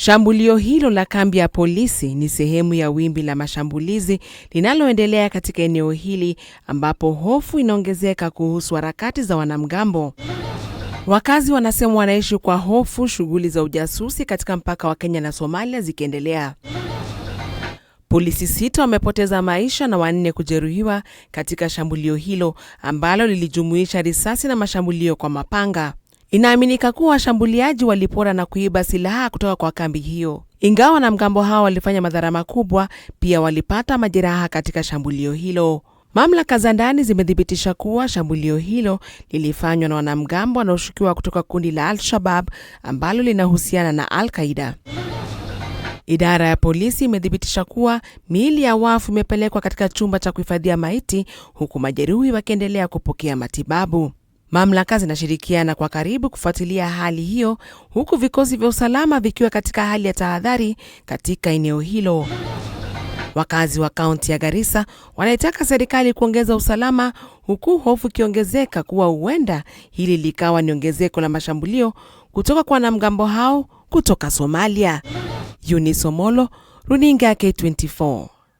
Shambulio hilo la kambi ya polisi ni sehemu ya wimbi la mashambulizi linaloendelea katika eneo hili ambapo hofu inaongezeka kuhusu harakati za wanamgambo. Wakazi wanasema wanaishi kwa hofu, shughuli za ujasusi katika mpaka wa Kenya na Somalia zikiendelea. Polisi sita wamepoteza maisha na wanne kujeruhiwa katika shambulio hilo ambalo lilijumuisha risasi na mashambulio kwa mapanga. Inaaminika kuwa washambuliaji walipora na kuiba silaha kutoka kwa kambi hiyo. Ingawa wanamgambo hao walifanya madhara makubwa, pia walipata majeraha katika shambulio hilo. Mamlaka za ndani zimethibitisha kuwa shambulio hilo lilifanywa na wanamgambo wanaoshukiwa kutoka kundi la Al-Shabab ambalo linahusiana na Al-Qaida. Idara ya polisi imethibitisha kuwa miili ya wafu imepelekwa katika chumba cha kuhifadhia maiti huku majeruhi wakiendelea kupokea matibabu. Mamlaka zinashirikiana kwa karibu kufuatilia hali hiyo, huku vikosi vya usalama vikiwa katika hali ya tahadhari katika eneo hilo. Wakazi wa kaunti ya Garissa wanaitaka serikali kuongeza usalama, huku hofu ikiongezeka kuwa huenda hili likawa ni ongezeko la mashambulio kutoka kwa wanamgambo hao kutoka Somalia. Eunice Omolo, runinga ya K24.